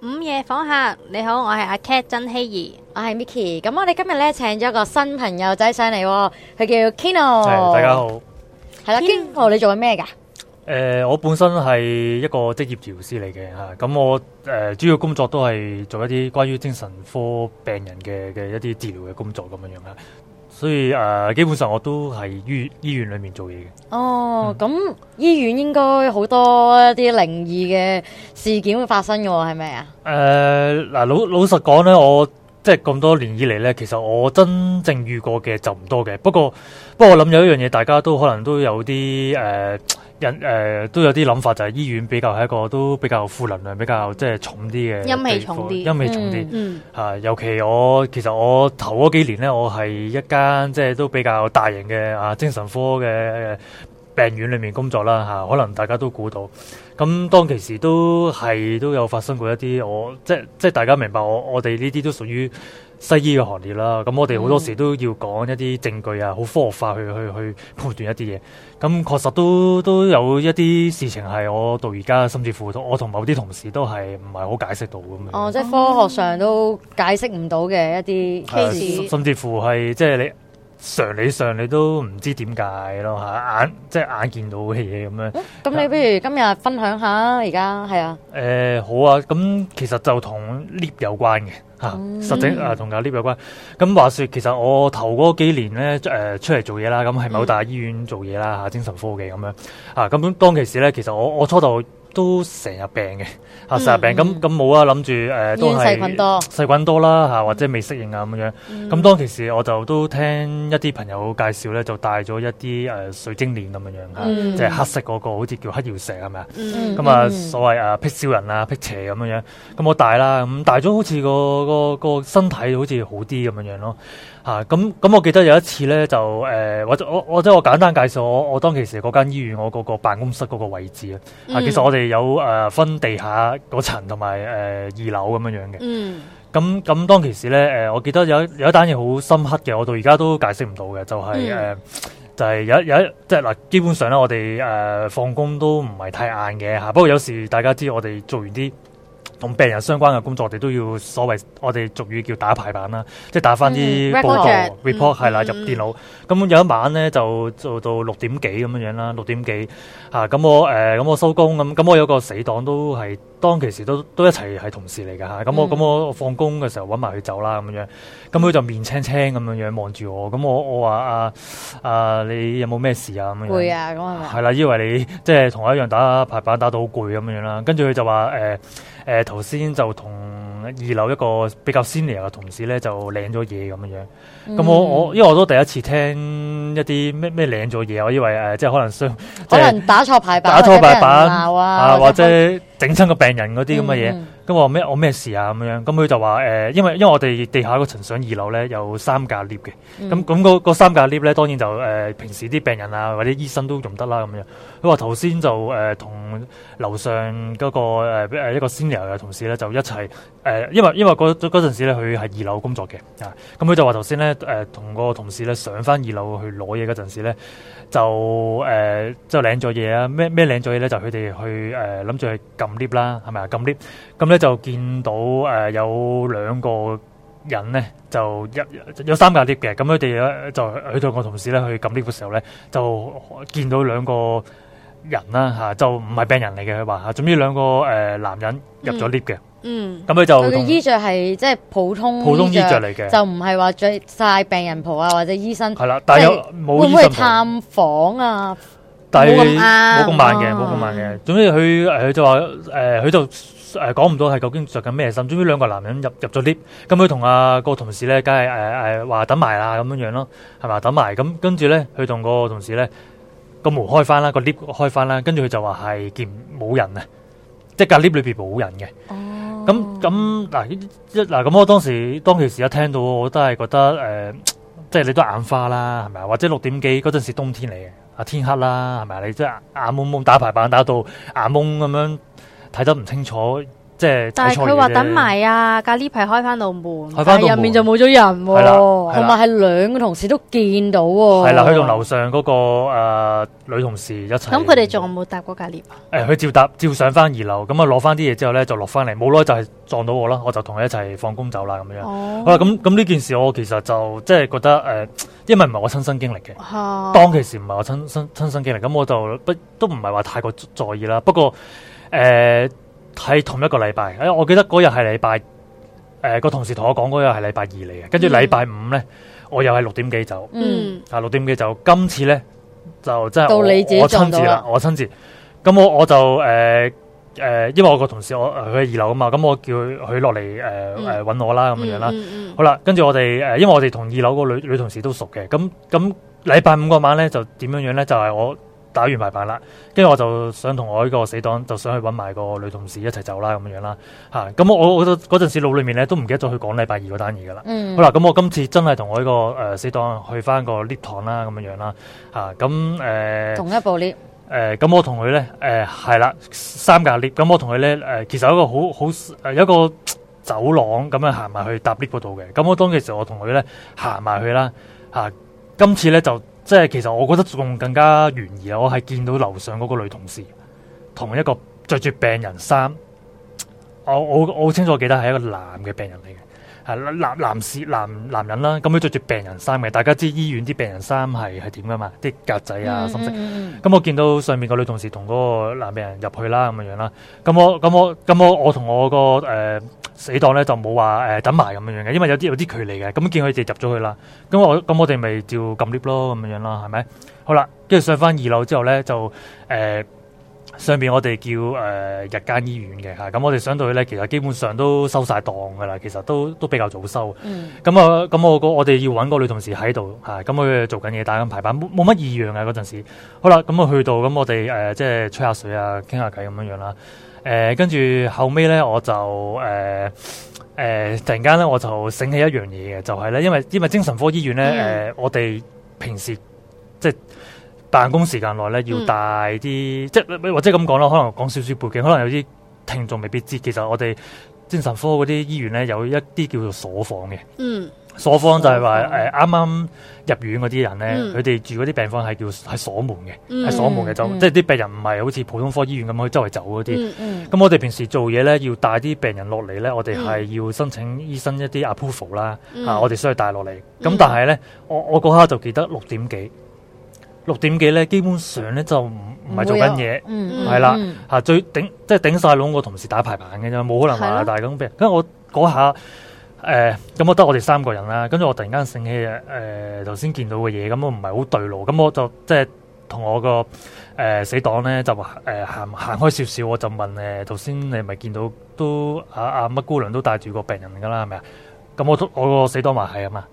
午夜訪客，你好，我係阿 Cat 曾希怡，我係 Micky，咁我哋今日咧請咗一個新朋友仔上嚟，佢叫 Kenoh。大家好，係啦了 Kenoh，你做緊咩噶？誒、呃，我本身係一個職業治療師嚟嘅吓，咁、啊、我誒、呃、主要工作都係做一啲關於精神科病人嘅嘅一啲治療嘅工作咁樣樣啦。啊所以誒、呃，基本上我都係醫醫院裏面做嘢嘅。哦，咁、嗯、醫院應該好多一啲靈異嘅事件會發生嘅喎，係咪啊？誒，嗱，老老實講咧，我即係咁多年以嚟咧，其實我真正遇過嘅就唔多嘅。不過不過，我諗有一樣嘢，大家都可能都有啲誒、呃人誒、呃、都有啲諗法，就係、是、醫院比較係一個都比較負能量比較即係重啲嘅陰氣重啲，陰氣重啲嚇、嗯啊。尤其我其實我頭嗰幾年咧，我係一間即係都比較大型嘅啊精神科嘅病院裏面工作啦嚇、啊。可能大家都估到，咁、啊、當其時都係都有發生過一啲我即即大家明白我我哋呢啲都屬於。西醫嘅行列啦，咁我哋好多時都要講一啲證據啊，好、嗯、科學化去去去判斷一啲嘢。咁確實都都有一啲事情係我到而家甚至乎我同某啲同事都係唔係好解釋到咁樣。哦，嗯、即係科學上都解釋唔到嘅一啲 case，、嗯、甚至乎係即係你常理上你都唔知點解咯吓，眼即係眼見到嘅嘢咁樣。咁、嗯、你不如今日分享下而家係啊？誒、嗯呃，好啊，咁其實就同 lift 有關嘅。嚇、啊，實證啊，同架呢有關。咁、嗯、話說，其實我頭嗰幾年咧，誒、呃、出嚟做嘢啦，咁係某大，大醫院做嘢啦，嚇、啊、精神科嘅咁樣。嚇、啊，咁、啊啊、當其時咧，其實我我初頭。都成日病嘅，啊成日病咁咁冇啊，諗住誒都係細菌多細、嗯、菌多啦吓，或者未適應啊咁樣。咁、嗯、當其時我就都聽一啲朋友介紹咧，就帶咗一啲誒水晶鏈咁樣樣吓，即係、嗯啊就是、黑色嗰、那個，好似叫黑曜石係咪啊？咁啊，所謂啊辟小人啊辟邪咁樣樣。咁我戴啦，咁戴咗好似個個個，個身體好似好啲咁樣樣咯。啊，咁咁，我記得有一次咧，就誒，我我我或者我簡單介紹我我當其時嗰間醫院我嗰個辦公室嗰個位置啊。啊，其實我哋有誒分地下嗰層同埋誒二樓咁樣樣嘅。嗯。咁咁，當其時咧，誒，我記得有有一單嘢好深刻嘅，我到而家都解釋唔到嘅，就係誒，就係有有一即係嗱，基本上咧，我哋誒放工都唔係太晏嘅嚇，不過有時大家知我哋做完啲同病人相關嘅工作，我哋都要所謂我哋俗語叫打排版啦，即係打翻啲報告 report 係啦，入電腦。咁、嗯嗯、有一晚咧，就做到六點幾咁樣樣啦，六點幾嚇咁我誒咁、呃、我收工咁，咁我有個死黨都係當其時都都，都一齊係同事嚟嘅嚇。咁、啊、我咁我放工嘅時候揾埋佢走啦咁樣。咁、啊、佢就面青青咁樣樣望住我，咁我我話啊啊你有冇咩事啊咁樣。攰啊咁係咪？係啦、啊，以為你即係同我一樣打排版打到好攰咁樣樣啦。跟住佢就話誒。啊啊啊啊誒頭先就同二樓一個比較 senior 嘅同事咧，就領咗嘢咁樣，咁、嗯、我我因為我都第一次聽一啲咩咩領咗嘢，我以為誒、呃、即係可能相，可能打錯牌板，打錯牌板啊，啊、就係、或者。整親個病人嗰啲咁嘅嘢，咁、嗯、我咩我咩事啊咁樣，咁佢就話誒，因為因為我哋地下個層上二樓咧有三架 lift 嘅，咁咁嗰三架 lift 咧當然就誒、呃、平時啲病人啊或者醫生都用得啦咁樣。佢話頭先就誒同、呃、樓上嗰、嗰個誒、呃、一個 senior 嘅同事咧就一齊誒、呃，因為因為嗰嗰陣時咧佢係二樓工作嘅啊，咁佢就話頭先咧誒同個同事咧上返二樓去攞嘢嗰陣時咧。就誒，即係領咗嘢啦。咩咩領咗嘢咧？就佢哋去誒諗住去撳 lift 啦，係咪啊？撳 lift，咁咧就見到誒、呃、有兩個人咧，就一有三架 lift 嘅。咁佢哋咧就去到個同事咧去撳 lift 嘅時候咧，就見到兩個。人啦，吓就唔係病人嚟嘅。佢話吓，總之兩個誒男人入咗 lift 嘅，嗯，咁佢就佢嘅衣着係即係普通普通衣着嚟嘅，就唔係話着晒病人袍啊或者醫生係啦，但係有冇會唔會探訪啊？冇咁慢，冇咁慢嘅，冇咁慢嘅。總之佢誒佢就話誒佢就誒講唔到係究竟着緊咩，甚至於兩個男人入入咗 lift，咁佢同阿個同事咧，梗係誒誒話等埋啦咁樣樣咯，係咪等埋，咁跟住咧佢同個同事咧。個門開翻啦，個 lift 開翻啦，跟住佢就話係見冇人啊，即係隔 lift 裏邊冇人嘅。咁咁嗱一嗱咁，我當時當其時一聽到，我都係覺得誒、呃，即係你都眼花啦，係咪啊？或者六點幾嗰陣時冬天嚟嘅，啊天黑啦，係咪啊？你即係眼蒙蒙打排版打到眼蒙咁樣睇得唔清楚。即係，但係佢話等埋啊，隔籬牌開翻到門，但係入面就冇咗人喎、啊，同埋係兩個同事都見到喎、啊。係啦，佢同樓上嗰、那個、呃、女同事一齊。咁佢哋仲有冇搭過隔籬啊？誒、欸，佢照搭，照上翻二樓，咁啊攞翻啲嘢之後咧，就落翻嚟，冇耐就係撞到我啦，我就同佢一齊放工走啦咁樣。哦、oh.，咁咁呢件事我其實就即係覺得誒、呃，因為唔係我親身經歷嘅，oh. 當其時唔係我親身親身經歷，咁我就不都唔係話太過在意啦。不過誒。呃係同一個禮拜，誒，我記得嗰日係禮拜，誒、呃，個同事同我講嗰日係禮拜二嚟嘅，跟住禮拜五咧，我又係六點幾走，嗯，啊，六點幾走，今次咧就真係到你自己、我親自啦，我親自，咁我我就誒誒、呃呃，因為我個同事我佢喺二樓啊嘛，咁我叫佢落嚟誒誒揾我啦咁樣啦，嗯嗯嗯、好啦，跟住我哋誒、呃，因為我哋同二樓嗰女女同事都熟嘅，咁咁禮拜五嗰晚咧就點樣樣咧，就係、就是、我。打完埋牌啦，跟住我就想同我呢個死黨就想去揾埋個女同事一齊走啦咁樣啦，吓咁我我覺嗰陣時腦裏面咧都唔記得咗去講禮拜二嗰單嘢噶啦。嗯，好啦，啊，咁我今次真係同我呢個誒死黨去翻個 lift 堂啦，咁樣樣啦，吓咁誒。同一部 lift，嗯，誒、咁，呃、我同佢咧誒係啦三架 lift，咁，嗯，我同佢咧誒，其實有一個好好有一個走廊咁樣行埋去搭 lift 嗰度嘅，咁我當其時我同佢咧行埋去啦，吓，啊，今次咧就。即係，其實我覺得仲更加懸疑。啊，我係見到樓上個女同事，同一個着住病人衫，我我我好清楚我記得係一個男嘅病人嚟嘅。係男男士男男人啦，咁佢着住病人衫嘅，大家知醫院啲病人衫係係點噶嘛？啲格仔啊，咁、mm hmm. 嗯、我見到上面個女同事同嗰個男病人入去啦，咁嘅樣啦。咁我咁我咁我我同我個誒死黨咧就冇話誒等埋咁嘅樣嘅，因為有啲有啲距離嘅。咁見佢哋入咗去啦，咁我咁我哋咪照撳 lift 咯，咁嘅樣啦，係咪？好啦，跟住上返二樓之後咧，就誒。呃上邊我哋叫誒、呃、日間醫院嘅吓，咁、啊、我哋上到去咧，其實基本上都收晒檔噶啦，其實都都比較早收。咁、mm hmm. 啊，咁、啊、我我哋要搵個女同事喺度吓，咁、啊、佢、啊、做緊嘢，打緊排版，冇乜異樣啊嗰陣時。好啦，咁、嗯、我去到，咁我哋誒、呃、即係吹下水啊，傾下偈咁樣樣啦。誒、啊，跟住後尾咧，我就誒誒、啊啊，突然間咧，我就醒起一樣嘢嘅，就係、是、咧，因為因為精神科醫院咧，誒、呃，mm hmm. 我哋平時即係。即辦公時間內咧，要帶啲即係，或者咁講啦，可能講少少背景，可能有啲聽眾未必知。其實我哋精神科嗰啲醫院咧，有一啲叫做鎖房嘅，嗯，鎖房就係話誒啱啱入院嗰啲人咧，佢哋住嗰啲病房係叫係鎖門嘅，係鎖門嘅，就即係啲病人唔係好似普通科醫院咁可以周圍走嗰啲。咁我哋平時做嘢咧，要帶啲病人落嚟咧，我哋係要申請醫生一啲 approval 啦，啊，我哋需要帶落嚟。咁但係咧，我我嗰刻就記得六點幾。六點幾咧，基本上咧就唔唔係做緊嘢，係啦嚇，最頂即係頂晒窿個同事打牌板嘅啫，冇可能話大咁病。跟住我嗰下誒咁，我得、呃、我哋三個人啦。跟住我突然間醒起誒，頭先見到嘅嘢咁，我唔係好對路，咁我就即係同我個誒死黨咧就話誒行行開少少，我就問誒頭先你咪見到都阿阿乜姑娘都帶住個病人㗎啦，係咪啊？咁我我個死黨話係啊嘛，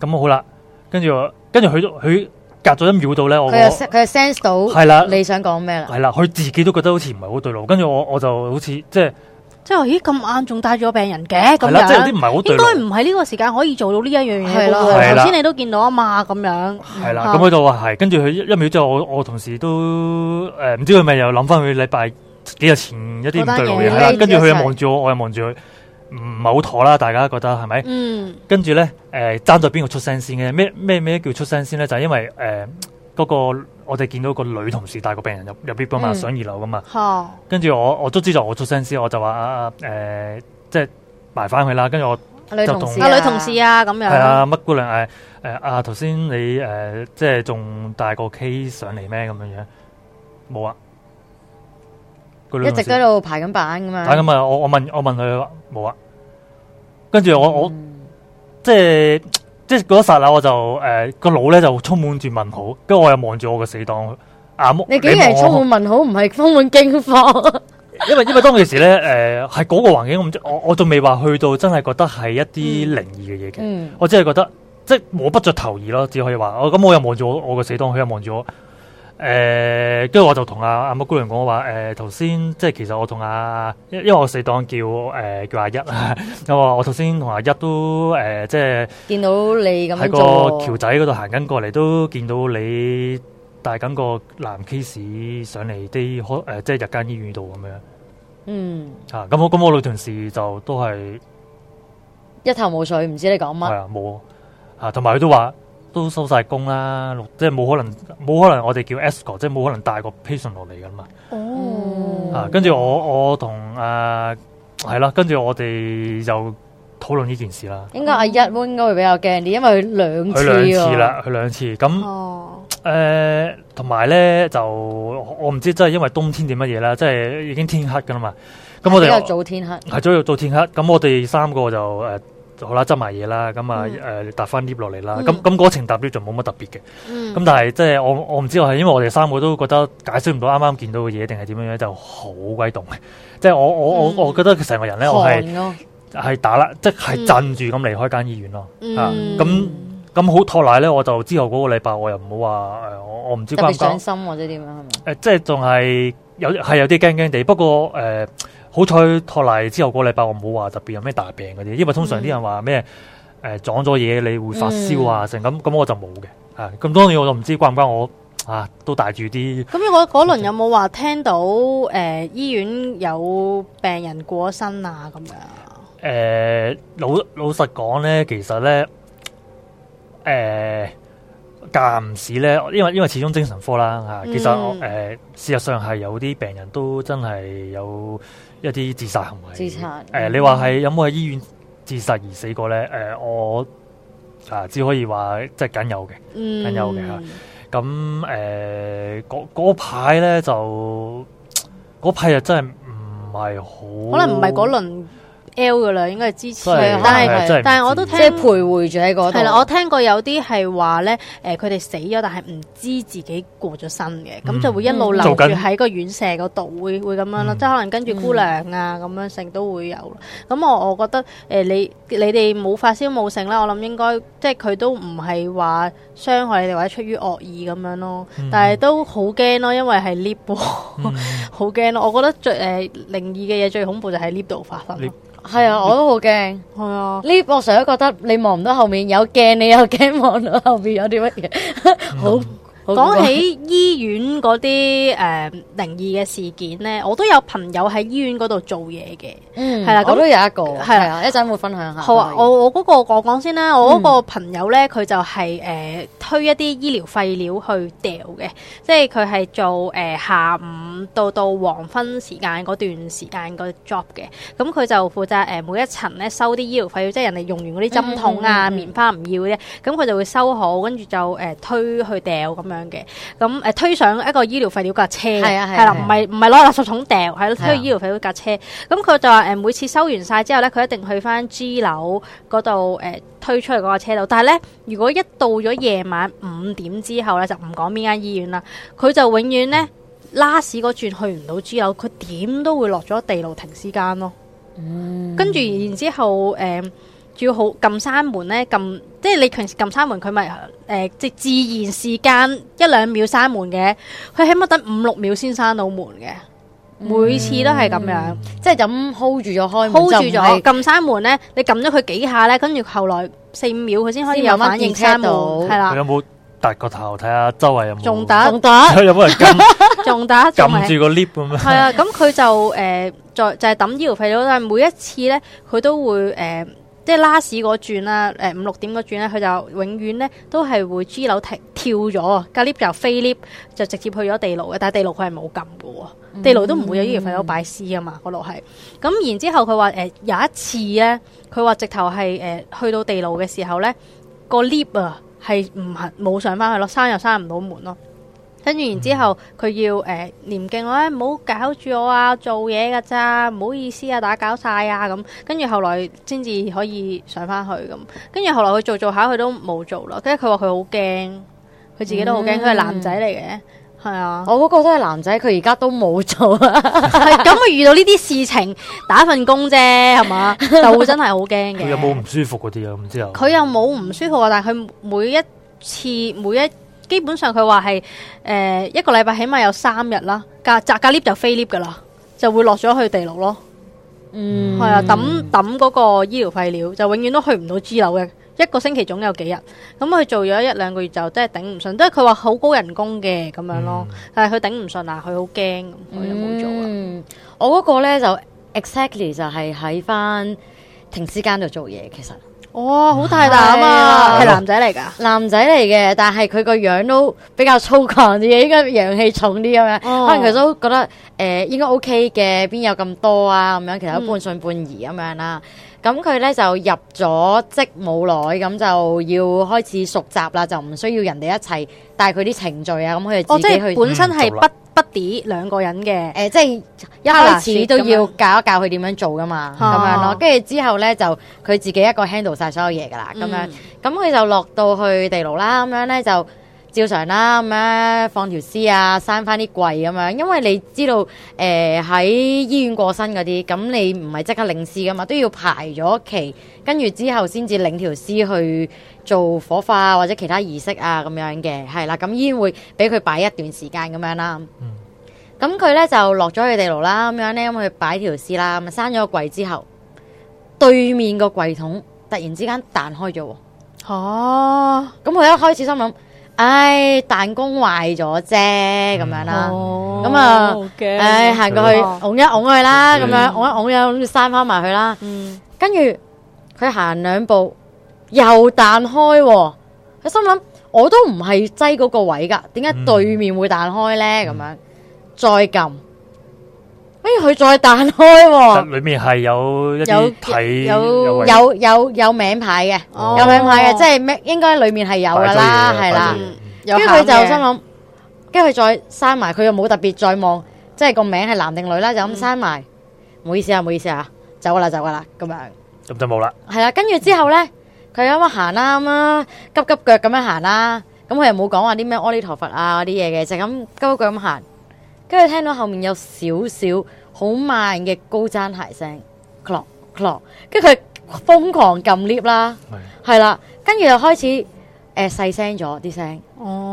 咁好啦，跟住跟住佢都佢。隔咗一秒到咧，我佢又佢 sense 到係啦，你想講咩啦？係啦，佢自己都覺得好似唔係好對路，跟住我我就好似即係即係咦咁晏仲帶住病人嘅咁樣，即係啲唔係好應該唔係呢個時間可以做到呢一樣嘢咯。頭先你都見到啊嘛咁樣，係啦，咁佢就話係，跟住佢一秒之後，我我同事都誒唔知佢咪又諗翻佢禮拜幾日前一啲對路嘢係啦，跟住佢又望住我，我又望住佢。唔係好妥啦，大家覺得係咪？跟住咧，誒爭在邊個出聲先嘅？咩咩咩叫出聲先咧？就係、是、因為誒嗰、呃那個我哋見到個女同事帶個病人入入 B 部上二樓噶嘛。跟住、嗯、我我都知道我出聲先，我就話阿誒即係埋翻佢啦。跟住我就同阿女同事啊咁樣。係啊，乜姑娘誒誒啊頭先你誒即係仲帶個 K 上嚟咩咁樣樣？冇啊，佢一直都喺度排緊版噶嘛。排緊啊！我問我問我問佢話冇啊。跟住我、嗯、我即係即係嗰一剎那個，我就誒個腦咧就充滿住問號，跟住我又望住我個死黨阿，啊、你竟然充滿問號，唔係充滿驚慌。因為因為當其時咧誒係嗰個環境，我我仲未話去到真係覺得係一啲靈異嘅嘢嘅，我只係覺得即係我不着頭兒咯，只可以話我咁我又望住我我個死黨，佢又望住我。誒，跟住、呃、我就同阿阿麥姑娘講話，誒、呃，頭先即係其實我同阿、啊，因為我死黨叫誒、呃、叫阿一啊， 我話我頭先同阿一都誒、呃，即係見到你咁喺個橋仔嗰度行緊過嚟，都見到你帶緊個男 case 上嚟啲開誒，即係日間醫院度咁樣。嗯，吓咁、啊、我咁我老同事就都係一頭霧水，唔知你講乜。係啊，冇啊，同埋佢都話。都收晒工啦，即係冇可能，冇可能我哋叫 escort 即係冇可能帶個 patient 落嚟噶嘛。哦、嗯，啊，跟住我我同啊係咯，跟、呃、住我哋就討論呢件事啦。應該阿一應該會比較驚啲，因為佢兩次，次，次，佢兩次啦，佢兩次。咁誒、呃，同埋咧就我唔知，真係因為冬天定乜嘢啦？即係已經天黑噶啦嘛。咁我哋係早天黑，係早要做天黑。咁我哋三個就誒。呃好啦，執埋嘢啦，咁、嗯、啊，誒搭翻 lift 落嚟啦，咁咁程搭 lift 就冇乜特別嘅。咁但係即係我我唔知道，我係因為我哋三個都覺得解釋唔到啱啱見到嘅嘢，定係點樣咧，就好鬼凍。即係我我我、嗯、我覺得成個人咧，我係係打啦，即、就、係、係、震住咁離開間醫院咯。嗯，咁咁好拖奶咧，我就之後嗰個禮拜我又唔好話，我我唔知關。特別傷心或者點樣係咪？誒，即係仲係有係有啲驚驚地，不過誒。好彩托嚟，之後個禮拜我冇話特別有咩大病嗰啲，因為通常啲人話咩誒撞咗嘢，你會發燒啊成咁，咁、嗯、我就冇嘅啊。咁當然我就唔知關唔關我啊，都帶住啲。咁、嗯、如果嗰輪有冇話聽到誒、呃、醫院有病人過身啊咁樣？誒、呃、老老實講咧，其實咧誒。呃間唔時咧，因為因為始終精神科啦吓，其實誒、嗯呃、事實上係有啲病人都真係有一啲自殺行為。自殺殺誒、呃，你話係有冇喺醫院自殺而死過咧？誒、呃，我啊、呃、只可以話即係僅有嘅，嗯、僅有嘅吓。咁誒嗰排咧就嗰排又真係唔係好，可能唔係嗰輪。L 嘅啦，應該係支持，但係但係我都聽徘徊住喺嗰度。係啦，我聽過有啲係話咧，誒佢哋死咗，但係唔知自己過咗身嘅，咁就會一路留住喺個院舍嗰度，會會咁樣咯。即係可能跟住姑娘啊咁樣性都會有。咁我我覺得誒你你哋冇發燒冇性啦，我諗應該即係佢都唔係話傷害你哋或者出於惡意咁樣咯。但係都好驚咯，因為係 lift，好驚咯。我覺得最誒靈異嘅嘢最恐怖就喺 lift 度發生。係 啊，我都好驚。係 啊，呢我成日都覺得你望唔到後面，有鏡你又驚望到後面有啲乜嘢，好。 講起醫院嗰啲誒靈異嘅事件咧，我都有朋友喺醫院嗰度做嘢嘅。嗯，係啦、啊，我都有一個，係啦、啊，啊、一陣會分享下。好啊，我我嗰個講講先啦，我嗰個朋友咧，佢就係誒推一啲醫療廢料去掉嘅，即係佢係做誒下午到到黃昏時間嗰段時間個 job 嘅，咁佢就負責誒每一層咧收啲醫療廢料，即係人哋用完嗰啲針筒啊、嗯、棉花唔要嘅，咁佢就會收好，跟住就誒推去掉咁。咁誒、啊、推上一個醫療廢料架車，係啦、啊，唔係唔係攞垃圾桶掉，喺推醫療廢料架車。咁佢就話誒，每次收完晒之後咧，佢一定去翻 G 樓嗰度誒推出去嗰架車度。但係咧，如果一到咗夜晚五點之後咧，就唔講邊間醫院啦，佢就永遠咧拉屎嗰轉去唔到 G 樓，佢點都會落咗地牢停屍間咯。嗯，跟住然之後誒。啊仲要好撳閂門咧，撳，即係你平時撳閂門，佢咪誒即係自然時間一兩秒閂門嘅。佢起碼等五六秒先閂到門嘅，每次都係咁樣，即係咁 hold 住咗開門 hold 住咗。撳閂門咧，你撳咗佢幾下咧，跟住後來四五秒佢先可以有反應閂到係啦。佢有冇凸個頭睇下周圍有冇？仲打仲打有冇人撳？仲打撳住個 lift 咁樣？係啊，咁佢就誒，再就係抌醫藥費咗，但係每一次咧，佢都會誒。即係拉屎嗰轉啦，誒、呃、五六點嗰轉咧，佢就永遠咧都係會 G 樓停跳咗啊！個 lift 就飛 lift 就直接去咗地牢嘅，但係地牢佢係冇撳嘅喎，嗯、地牢都唔會有呢條廢屋。擺屍啊嘛，嗰度係。咁然之後佢話誒有一次咧、啊，佢話直頭係誒去到地牢嘅時候咧，個 lift 啊係唔行冇上翻去咯，閂又閂唔到門咯。跟住然之後佢要誒念經，我，唔好搞住我啊，做嘢噶咋，唔好意思啊，打攪晒啊咁。跟住後來先至可以上翻去咁。跟住後來佢做做下，佢都冇做啦。跟住佢話佢好驚，佢自己都好驚。佢係男仔嚟嘅，係啊。我嗰個都係男仔，佢而家都冇做。咁啊，遇到呢啲事情打份工啫，係嘛，就會真係好驚嘅。佢有冇唔舒服嗰啲啊？唔知啊。佢又冇唔舒服啊，但係佢每一次每一。基本上佢話係誒一個禮拜起碼有三日啦，隔隔隔 lift 就飛 lift 噶啦，就會落咗去地牢咯。嗯，係啊，抌抌嗰個醫療廢料，就永遠都去唔到 G 樓嘅。一個星期總有幾日，咁佢做咗一兩個月就真係頂唔順，即係佢話好高人工嘅咁樣咯，但係佢頂唔順啊，佢好驚，佢冇做。嗯，我嗰個咧就 exactly 就係喺翻停屍間度做嘢，其實。哇，好、哦、大膽啊！係男仔嚟噶，男仔嚟嘅，但係佢個樣都比較粗狂啲嘅，應該陽氣重啲咁樣。哦、可能佢都覺得誒、呃，應該 OK 嘅，邊有咁多啊？咁樣，其實都半信半疑咁樣啦。咁佢咧就入咗職冇耐，咁就要開始熟習啦，就唔需要人哋一齊帶佢啲程序啊。咁佢以自己去、哦、本身係不。不啲兩個人嘅，誒、呃，即係一開始都要教一教佢點樣做噶嘛，咁、啊、樣咯，跟住之後咧就佢自己一個 handle 晒所有嘢噶啦，咁樣，咁佢、嗯、就落到去地牢啦，咁樣咧就。照常啦，咁樣放條屍啊，閂翻啲櫃咁樣，因為你知道誒喺醫院過身嗰啲，咁你唔係即刻領屍噶嘛，都要排咗期，跟住之後先至領條屍去做火化或者其他儀式啊，咁樣嘅係啦。咁醫院會俾佢擺一段時間咁樣啦。咁佢咧就落咗去地牢啦，咁樣咧咁佢擺條屍啦，咁啊閂咗個櫃之後，對面個櫃桶突然之間彈開咗，嚇！咁佢一開始心諗。唉，彈弓壞咗啫，咁樣啦，咁啊，唉，行過去，拱一拱佢啦，咁樣，拱一拱一，咁就閂翻埋去啦。嗯，跟住佢行兩步，又彈開。佢心諗，我都唔係擠嗰個位噶，點解對面會彈開咧？咁、嗯、樣，再撳。跟住佢再彈開喎，裏面係有一啲睇有有有有名牌嘅，有名牌嘅，即係咩？應該裏面係有噶啦，係啦。跟住佢就心諗，跟住佢再閂埋，佢又冇特別再望，即係個名係男定女啦，就咁閂埋。唔好意思啊，唔好意思啊，走噶啦，走噶啦，咁樣，咁就冇啦。係啦，跟住之後咧，佢咁樣行啦，咁啊急急腳咁樣行啦，咁佢又冇講話啲咩阿彌陀佛啊嗰啲嘢嘅，就咁急腳咁行。跟住聽到後面有少少好慢嘅高踭鞋聲，click click，跟住佢瘋狂撳 lift 啦，係係啦，跟住就開始誒細聲咗啲聲，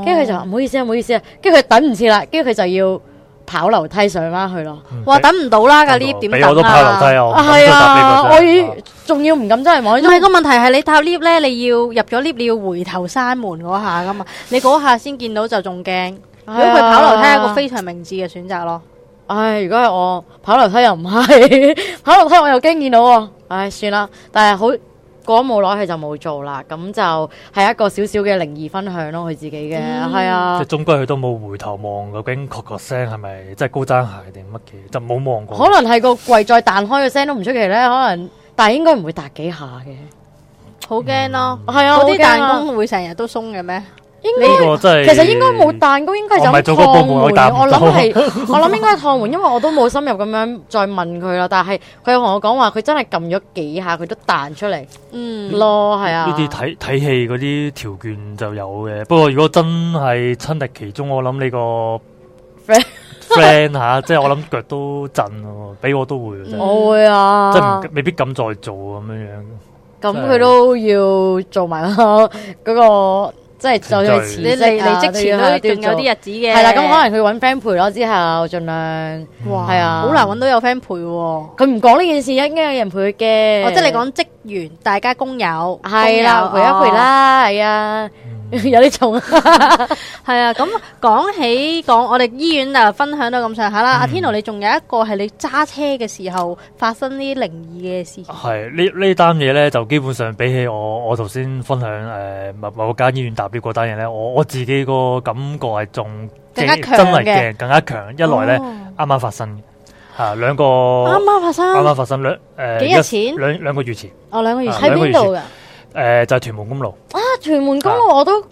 跟住佢就話唔好意思啊，唔好意思啊，跟住佢等唔住啦，跟住佢就要跑樓梯上啦去咯，話等唔到啦，個 lift 點等啊？係啊，我仲要唔敢真係望，唔係個問題係你搭 lift 咧，你要入咗 lift 你要回頭閂門嗰下噶嘛，你嗰下先見到就仲驚。如果佢跑樓梯係一個非常明智嘅選擇咯，唉，如果係我跑樓梯又唔係，跑樓梯我又驚見到喎，唉，算啦，但係好過冇耐佢就冇做啦，咁就係一個少少嘅靈異分享咯，佢自己嘅係啊，即係終歸佢都冇回頭望究竟咔咔聲係咪，即係高踭鞋定乜嘅，就冇望過，可能係個櫃再彈開嘅聲都唔出奇咧，可能，但係應該唔會彈幾下嘅，好驚咯，係啊，嗰啲彈弓會成日都鬆嘅咩？應該其實應該冇彈弓，應該就係燙門。我諗係，我諗應該係燙門，因為我都冇深入咁樣再問佢啦。但係佢又同我講話，佢真係撳咗幾下，佢都彈出嚟嗯，咯，係啊。呢啲睇睇戲嗰啲條件就有嘅。不過如果真係親歷其中，我諗你個 friend friend 吓，即係我諗腳都震咯，俾我都會，我會啊，即係未必敢再做咁樣。咁佢都要做埋個。即係就去辭職啊！離職其實 前都仲有啲日子嘅。係啦，咁可能佢揾 friend 陪咯，之後盡量係啊，好哇的難揾到有 friend 陪喎。佢唔講呢件事，應該有人陪佢嘅。哦，即係你講職員，大家工友係啦，的陪一陪啦，係啊、哦。 有啲點重， 係啊！咁講起講，講我哋醫院啊，分享到咁上下啦。嗯、阿天奴，你仲有一個係你揸車嘅時候發生啲靈異嘅事。係呢呢單嘢咧，就基本上比起我我頭先分享誒某某間醫院搭車嗰單嘢咧，我我自己個感覺係仲更加強嘅。強真係嘅，更加強。一來咧，啱啱、哦、發生嘅吓，兩、啊、個啱啱發生，啱啱發生兩誒、呃、幾日前，兩兩個月前，哦兩個月喺邊度㗎？啊誒、呃、就係、是、屯門公路啊！屯門公路、啊、我都，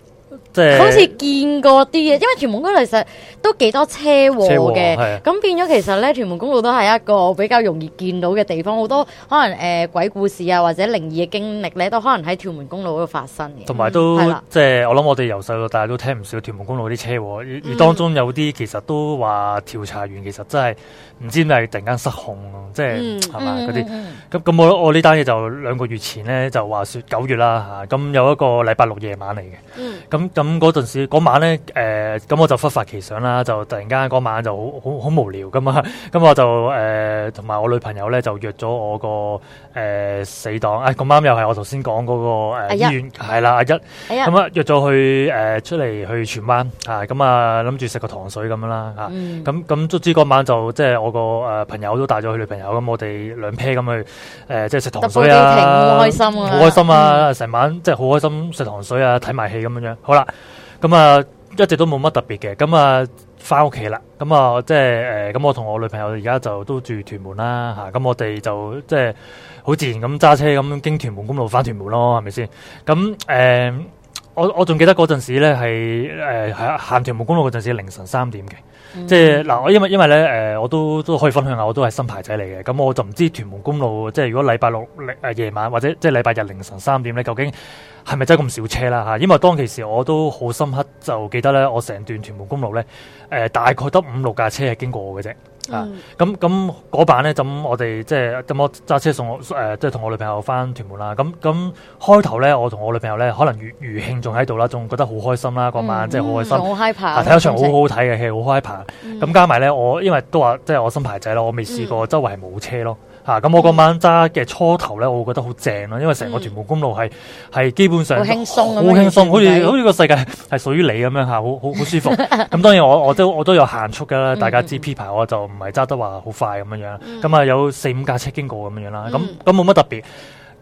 好似見過啲嘢，因為屯門公路其實都幾多車禍嘅，咁變咗其實咧屯門公路都係一個比較容易見到嘅地方，好多可能誒鬼故事啊或者靈異嘅經歷咧都可能喺屯門公路度發生嘅。同埋都即係我諗我哋由細到大都聽唔少屯門公路啲車禍，而當中有啲其實都話調查員其實真係唔知點解突然間失控，即係係咪嗰啲？咁咁我我呢單嘢就兩個月前咧就話說九月啦嚇，咁有一個禮拜六夜晚嚟嘅，咁咁。咁嗰陣時，嗰、那個、晚咧，誒、呃，咁我就忽發奇想啦，就突然間嗰、那個、晚就好好好無聊噶嘛，咁我就誒，同、呃、埋我女朋友咧就約咗我、呃死黨哎我那個誒死黨，誒、呃，咁啱又係我頭先講嗰個誒醫院係啦，阿、啊、一，咁啊一約咗去誒、呃、出嚟去荃灣啊，咁啊諗住食個糖水咁樣啦，吓、啊，咁咁卒之嗰晚就即係我個誒、呃、朋友都帶咗佢女朋友，咁、啊、我哋兩 pair 咁去誒、呃、即係食糖水啊，D ing, 好開心啊，好開心啊，成、嗯、晚即係好開心食糖水啊，睇埋戲咁樣樣，好啦。咁啊，一直都冇乜特別嘅，咁啊，返屋企啦，咁啊、呃，即係誒，咁我同我女朋友而家就都住屯門啦，吓、啊，咁我哋就即係好自然咁揸車咁經屯門公路返屯門咯，係咪先？咁誒。呃我我仲記得嗰陣時咧，係誒行屯門公路嗰陣時凌晨三點嘅，嗯、即係嗱我因為因為咧誒、呃、我都都可以分享下我都係新牌仔嚟嘅。咁我就唔知屯門公路即係如果禮拜六誒、呃、夜晚或者即係禮拜日凌晨三點咧，究竟係咪真係咁少車啦吓、啊？因為當其時我都好深刻就記得咧，我成段屯門公路咧誒、呃、大概得五六架車係經過嘅啫。啊！咁咁嗰晚咧，咁我哋即係咁我揸車送我誒，即係同我女朋友翻屯門啦。咁咁開頭咧，我同我女朋友咧，可能餘餘慶仲喺度啦，仲覺得好開心啦。嗰晚即係好開心，好睇、嗯嗯嗯、一場好好睇嘅戲，好 high 爬。咁、嗯、加埋咧，我因為都話即係我新牌仔咯，我未試過周圍冇車咯。嗯嗯嚇！咁、啊、我嗰晚揸嘅初頭咧，我覺得好正咯，啊，因為成個屯門公路係係基本上好輕鬆，好輕鬆，好似好似個世界係屬於你咁樣嚇，好好好舒服。咁 當然我我都我都有限速㗎啦，大家知 P 牌我就唔係揸得話好快咁，嗯、樣樣。咁啊有四五架車經過咁樣樣啦，咁咁冇乜特別。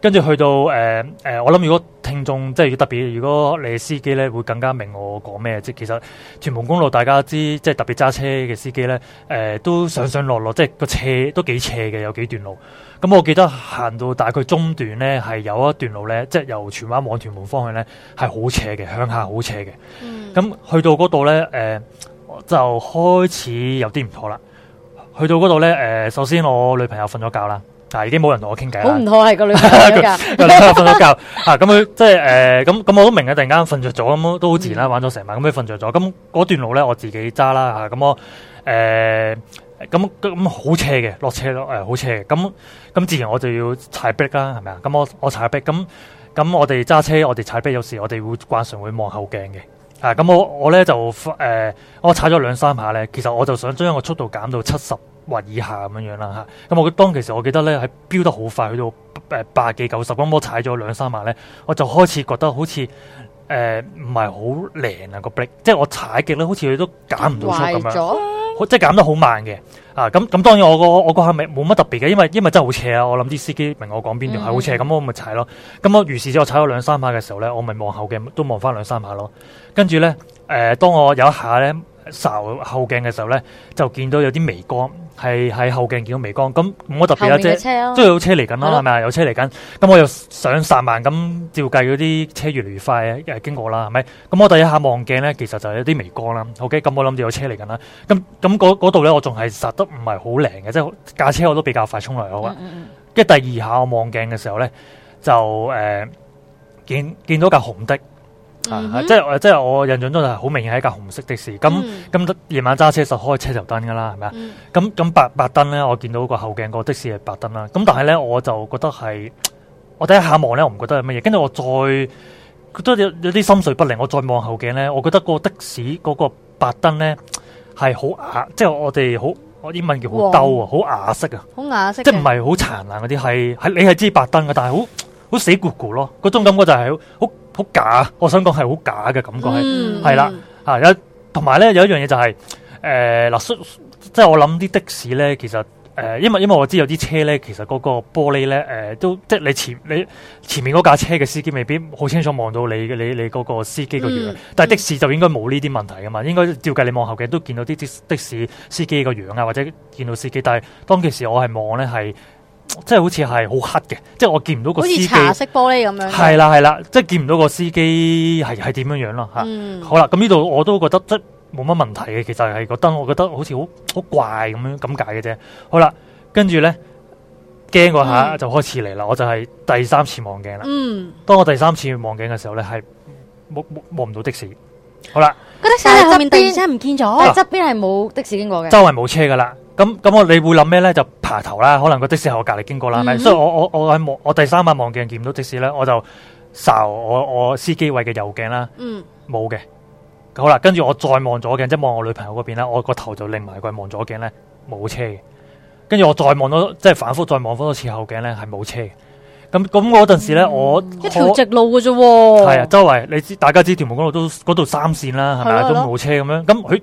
跟住去到誒誒、呃，我諗如果聽眾即係特別，如果你司機咧，會更加明我講咩。即係其實屯門公路大家知，即係特別揸車嘅司機咧，誒、呃、都上上落落，即係個斜都幾斜嘅，有幾段路。咁我記得行到大概中段咧，係有一段路咧，即係由荃灣往屯門方向咧，係好斜嘅，向下好斜嘅。咁、嗯、去到嗰度咧，誒、呃、就開始有啲唔妥啦。去到嗰度咧，誒、呃、首先我女朋友瞓咗覺啦。但已經冇人同我傾偈。 好唔妥個女瞓咗覺。吓，咁佢即係誒，咁咁我都明嘅。突然間瞓着咗，咁都好自然啦。玩咗成晚咁，佢瞓着咗。咁、嗯、嗰段路咧，我自己揸啦吓。咁我誒，咁咁好斜嘅，落斜咯誒，好斜嘅。咁咁、呃、自然我就要踩壁啦，係咪啊？咁我我踩壁咁咁我哋揸車，我哋踩壁有時我哋會慣常會望後鏡嘅。啊，咁我我咧就誒、呃、我踩咗兩三下咧，其實我就想將個速度減到七十。或以下咁樣樣啦吓，咁我當其實我記得咧喺飆得好快，去到誒百幾九十，咁我踩咗兩三下咧，我就開始覺得好似誒唔係好靚啊個 break 即係我踩極咧，好似佢都減唔到速咁樣，即係減得好慢嘅啊！咁咁當然我,我,我個我個咪冇乜特別嘅，因為因為真係好斜啊！我諗啲司機明我講邊條係好斜咁、嗯，我咪踩咯。咁我如是之後踩咗兩三下嘅時候咧，我咪望後嘅都望翻兩三下咯。跟住咧，誒、呃，當我有一下咧。睄後鏡嘅時候咧，就見到有啲微光，係喺後鏡見到微光。咁我特別啦，即係都有車嚟緊啦，係咪啊？有車嚟緊，咁我又想散慢咁照計嗰啲車越嚟越快誒，經過啦，係咪？咁我第一下望鏡咧，其實就有啲微光啦。OK，咁我諗住有車嚟緊啦。咁咁嗰度咧，我仲係剎得唔係好靈嘅，即、就、係、是、架車我都比較快衝嚟好話。跟住、嗯嗯嗯、第二下我望鏡嘅時候咧，就誒、呃、見見到架紅的。Mm hmm. 啊、即係我，我印象中就係好明顯係一架紅色的士。咁咁夜晚揸車，車就開車頭燈噶啦，係咪啊？咁咁、mm hmm. 白白燈咧，我見到個後鏡個的，的士係白燈啦。咁但係咧，我就覺得係我第一下望咧，我唔覺得係乜嘢。跟住我再覺得有啲心緒不寧。我再望後鏡咧，我覺得個的士嗰、嗰個白燈咧係好啞，即係、就是、我哋好英文叫好兜啊，好啞黃色啊，好即係唔係好殘爛嗰啲，係你係知白燈嘅，但係好好死咕咕咯，嗰種感覺就係好。Mm hmm. 好假，我想講係好假嘅感覺係係啦吓，嗯、有同埋咧有一樣嘢就係誒嗱，即、呃、係我諗啲的士咧，其實誒、呃，因為因為我知有啲車咧，其實嗰個玻璃咧誒、呃，都即係你前你前面嗰架車嘅司機未必好清楚望到你你你嗰個司機個樣，嗯、但係的士就應該冇呢啲問題噶嘛應該照計你望後鏡都見到啲的士司機個樣啊，或者見到司機，但係當其時我係望咧係。即係好似係好黑嘅，即係我見唔到個司機好似茶色玻璃咁樣。係啦係啦，即係見唔到個司機係係點樣樣咯吓。好啦，咁呢度我都覺得即冇乜問題嘅，其實係覺得我覺得好似好好怪咁樣咁解嘅啫。好啦，跟住咧驚個吓就開始嚟啦，嗯、我就係第三次望鏡啦。嗯。當我第三次望鏡嘅時候咧，係望唔到的士。好啦，嗰啲車喺後面突然之間唔見咗。但係側邊係冇的士經過嘅。周圍冇車噶啦。咁咁我你會諗咩咧？就爬頭啦，可能個的士喺我隔離經過啦，咪、嗯、所以我我我喺望我第三晚望鏡見唔到的士咧，我就睄我我司機位嘅右鏡啦，冇嘅。好啦，跟住我再望左鏡，即係望我女朋友嗰邊啦，我個頭就擰埋過望左鏡咧，冇車嘅。跟住我再望多，即係反覆再望多次後鏡咧，係冇車嘅。咁咁嗰陣時咧，我、嗯、很一條直路嘅啫喎，係啊，周圍你知大家知屯門公路都嗰度三線啦，係咪了都冇車咁樣？咁佢、欸、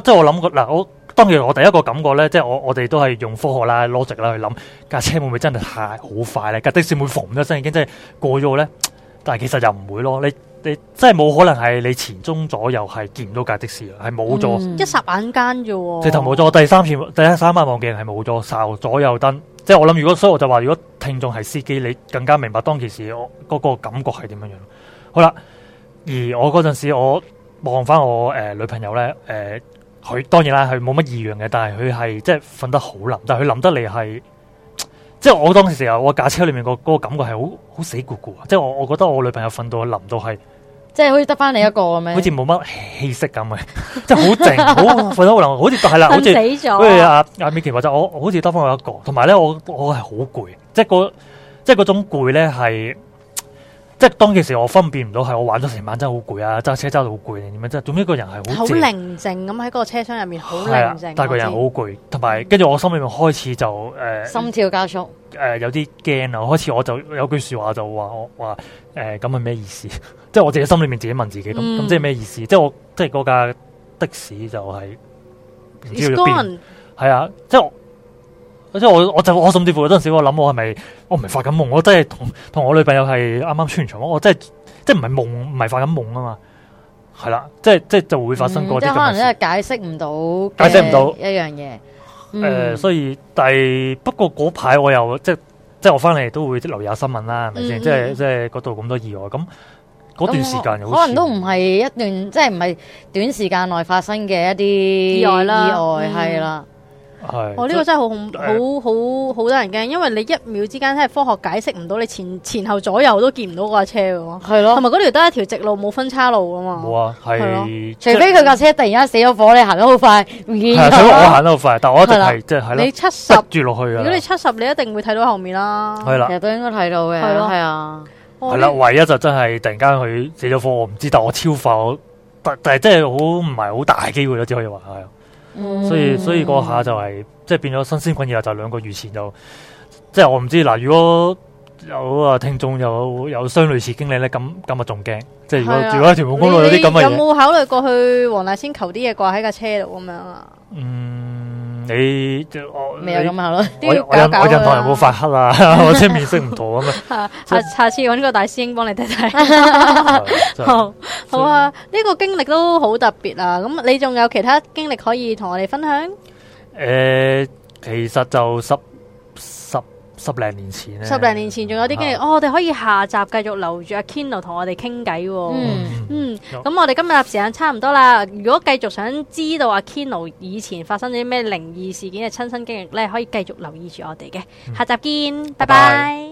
即係我諗過嗱我，啊。當然，我第一個感覺咧，即係我我哋都係用科學啦、logic 啦去諗架車會唔會真係太好快咧？架的士會逢咗聲已經真係過咗咧。但係其實就唔會咯，你你真係冇可能係你前中左右係見唔到架的士啊，係冇咗一霎眼間啫，直、嗯、頭冇咗第三次，第一三晚望鏡係冇咗哨左右燈，即係我諗如果所以我就話，如果聽眾係司機，你更加明白當其時我嗰、那個感覺係點樣樣。好啦，而我嗰陣時我望翻我誒、呃、女朋友咧，誒、呃。佢當然啦，佢冇乜異樣嘅，但係佢係即係瞓得好腍，但係佢腍得嚟係即係我當時時候，我架車裏面個個感覺係好好死咕咕啊。即係我我覺得我女朋友瞓到腍到係即係好似得翻你一個咁樣， 好似冇乜氣息咁嘅，即係好靜，好瞓得好腍，好似係啦，好似死咗。跟住阿阿美琪話就我好似得翻我一個，同埋咧我我係好攰，即係即係嗰種攰咧係。即係當其時，我分辨唔到係我玩咗成晚真係好攰啊，揸車揸到好攰，點樣？即係總之個人係好攰。好寧靜咁喺個車廂入面寧靜，好寧靜。但係個人好攰，同埋跟住我心裏面開始就誒、呃、心跳加速、呃，誒有啲驚啊！開始我就有句說話就話我話誒咁係咩意思？ 即係我自己心裏面自己問自己咁，咁即係咩意思？即係我即係嗰架的士就係、是、唔知喺邊係啊，即係。即我，我就我甚至乎有陣時我諗，我係咪我唔係發緊夢？我真係同同我女朋友係啱啱出完場，我真係即係唔係夢，唔係發緊夢啊嘛？係啦，即係即係就會發生嗰、嗯、即可能真係解釋唔到，解釋唔到，解釋唔到一樣嘢。誒、嗯呃，所以但係不過嗰排我又即係即係我翻嚟都會留意下新聞啦，係咪先？即係即係嗰度咁多意外，咁嗰段時間可能都唔係一段，即係唔係短時間內發生嘅一啲意，意外啦，意外係啦。哦，呢個真係好恐，好好好得人驚，因為你一秒之間真係科學解釋唔到，你前前後左右都見唔到架車嘅，係咯，同埋嗰條都係一條直路，冇分叉路噶嘛，冇啊，係，除非佢架車突然間死咗火，你行得好快唔見咗，我行得好快，但係我一定係即係，你七十住落去，如果你七十，你一定會睇到後面啦，係其實都應該睇到嘅，係啊，係啦，唯一就真係突然間佢死咗火，我唔知但我超快，但但係真係好唔係好大機會咯，只可以話係。嗯、所以所以嗰下就係、是、即係變咗新鮮以嘢就兩、是、個月前，就即係我唔知嗱，如果有啊聽眾有有相類似經歷咧，咁咁啊仲驚，即係如果住喺屯門公路有啲咁嘅，有冇考慮過去黃大仙求啲嘢掛喺架車度咁樣啊？嗯。你即我未啊咁啊，我有，我有，我有，我印堂有冇發黑啊？或者面色唔妥啊？下下下次揾個大師兄幫你睇睇。好啊，呢個經歷都好特別啊！咁你仲有其他經歷可以同我哋分享？誒，其實就十。十零年前咧，十零年前仲有啲經歷好、哦，我哋可以下集繼續留住阿 Keno 同我哋傾偈。嗯嗯，咁、嗯、我哋今日時間差唔多啦，如果繼續想知道阿 Keno 以前發生咗啲咩靈異事件嘅親身經歷咧，可以繼續留意住我哋嘅、嗯、下集見，拜拜。拜拜。